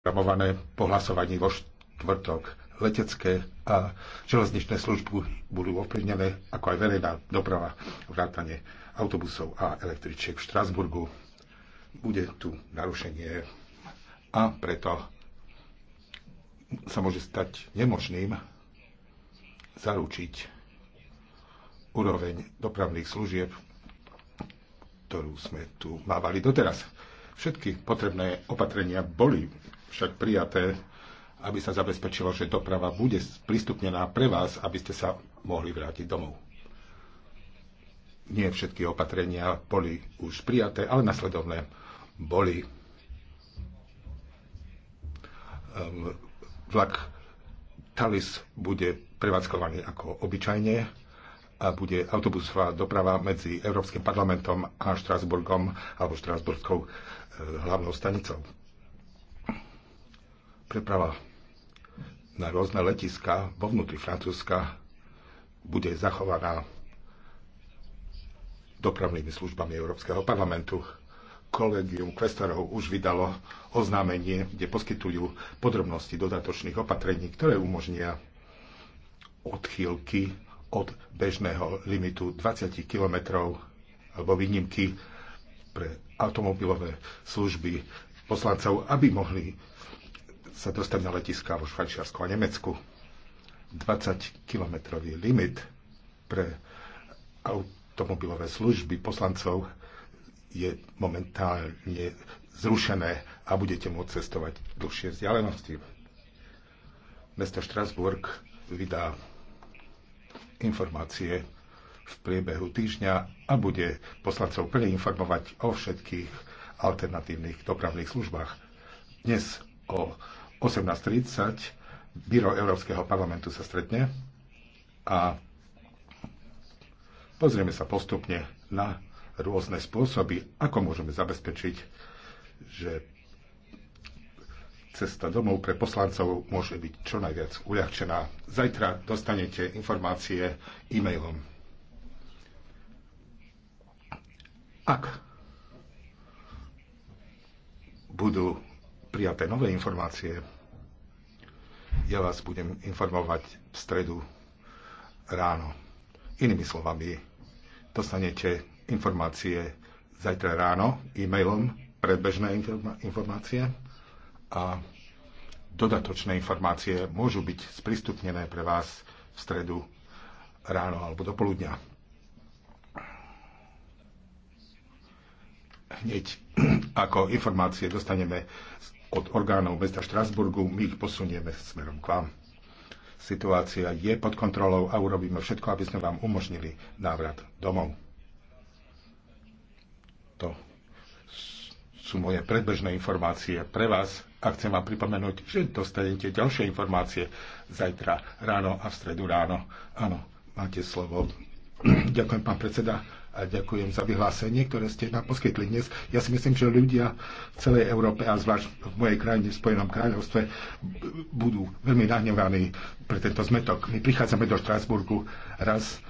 programované po hlasovaní vo štvrtok. Letecké a železničné služby budú ovplyvnené, ako aj verejná doprava, vrátanie autobusov a električiek v Štrasburgu. Bude tu narušenie a preto sa môže stať nemožným zaručiť úroveň dopravných služieb, ktorú sme tu mávali doteraz. Všetky potrebné opatrenia boli však prijaté, aby sa zabezpečilo, že doprava bude prístupnená pre vás, aby ste sa mohli vrátiť domov. Nie všetky opatrenia boli už prijaté, ale nasledovné boli. Ehm, vlak Talis bude prevádzkovaný ako obyčajne a bude autobusová doprava medzi Európskym parlamentom a Štrásburgom alebo Štrásburskou e, hlavnou stanicou preprava na rôzne letiska vo vnútri Francúzska bude zachovaná dopravnými službami Európskeho parlamentu. Kolegium kvestorov už vydalo oznámenie, kde poskytujú podrobnosti dodatočných opatrení, ktoré umožnia odchýlky od bežného limitu 20 km alebo výnimky pre automobilové služby poslancov, aby mohli sa dostať na letiská vo Švajčiarsku a Nemecku. 20-kilometrový limit pre automobilové služby poslancov je momentálne zrušené a budete môcť cestovať dlhšie vzdialenosti. Mesto Štrasburg vydá informácie v priebehu týždňa a bude poslancov plne informovať o všetkých alternatívnych dopravných službách. Dnes o 18.30 biro Európskeho parlamentu sa stretne a pozrieme sa postupne na rôzne spôsoby, ako môžeme zabezpečiť, že cesta domov pre poslancov môže byť čo najviac uľahčená. Zajtra dostanete informácie e-mailom. Ak budú prijaté nové informácie, ja vás budem informovať v stredu ráno. Inými slovami, dostanete informácie zajtra ráno e-mailom, predbežné informácie a dodatočné informácie môžu byť sprístupnené pre vás v stredu ráno alebo do poludňa. Hneď ako informácie dostaneme od orgánov mesta Štrasburgu, my ich posunieme smerom k vám. Situácia je pod kontrolou a urobíme všetko, aby sme vám umožnili návrat domov. To sú moje predbežné informácie pre vás a chcem vám pripomenúť, že dostanete ďalšie informácie zajtra ráno a v stredu ráno. Áno, máte slovo. Ďakujem, pán predseda. A ďakujem za vyhlásenie, ktoré ste nám poskytli dnes. Ja si myslím, že ľudia v celej Európe a zvlášť v mojej krajine, v Spojenom kráľovstve, budú veľmi nahnevaní pre tento zmetok. My prichádzame do Štrásburgu raz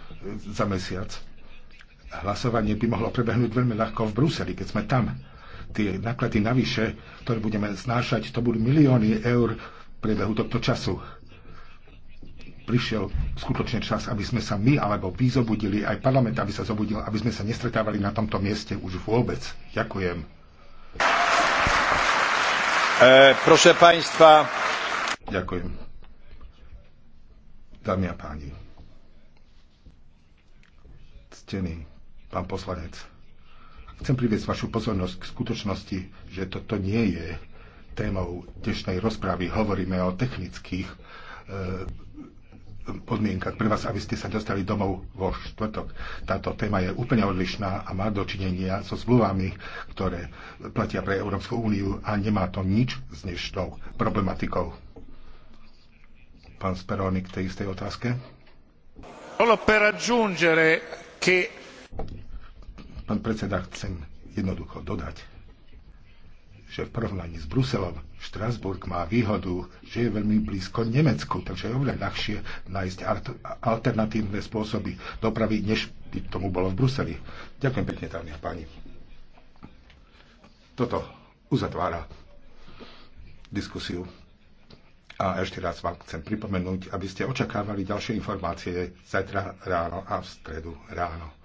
za mesiac. Hlasovanie by mohlo prebehnúť veľmi ľahko v Bruseli, keď sme tam. Tie náklady navyše, ktoré budeme znášať, to budú milióny eur v priebehu tohto času prišiel skutočne čas, aby sme sa my alebo vy zobudili, aj parlament, aby sa zobudil, aby sme sa nestretávali na tomto mieste už vôbec. Ďakujem. E, proszę Państwa. Ďakujem. Dámy a páni. Ctený pán poslanec. Chcem priviesť vašu pozornosť k skutočnosti, že toto nie je témou dnešnej rozprávy. Hovoríme o technických e, podmienkach pre vás, aby ste sa dostali domov vo štvrtok. Táto téma je úplne odlišná a má dočinenia so zmluvami, ktoré platia pre Európsku úniu a nemá to nič s dnešnou problematikou. Pán Speroni k tej istej otázke. Pán predseda, chcem jednoducho dodať, že v porovnaní s Bruselom Štrasburg má výhodu, že je veľmi blízko Nemecku, takže je oveľa ľahšie nájsť alternatívne spôsoby dopravy, než by tomu bolo v Bruseli. Ďakujem pekne, dámy a páni. Toto uzatvára diskusiu. A ešte raz vám chcem pripomenúť, aby ste očakávali ďalšie informácie zajtra ráno a v stredu ráno.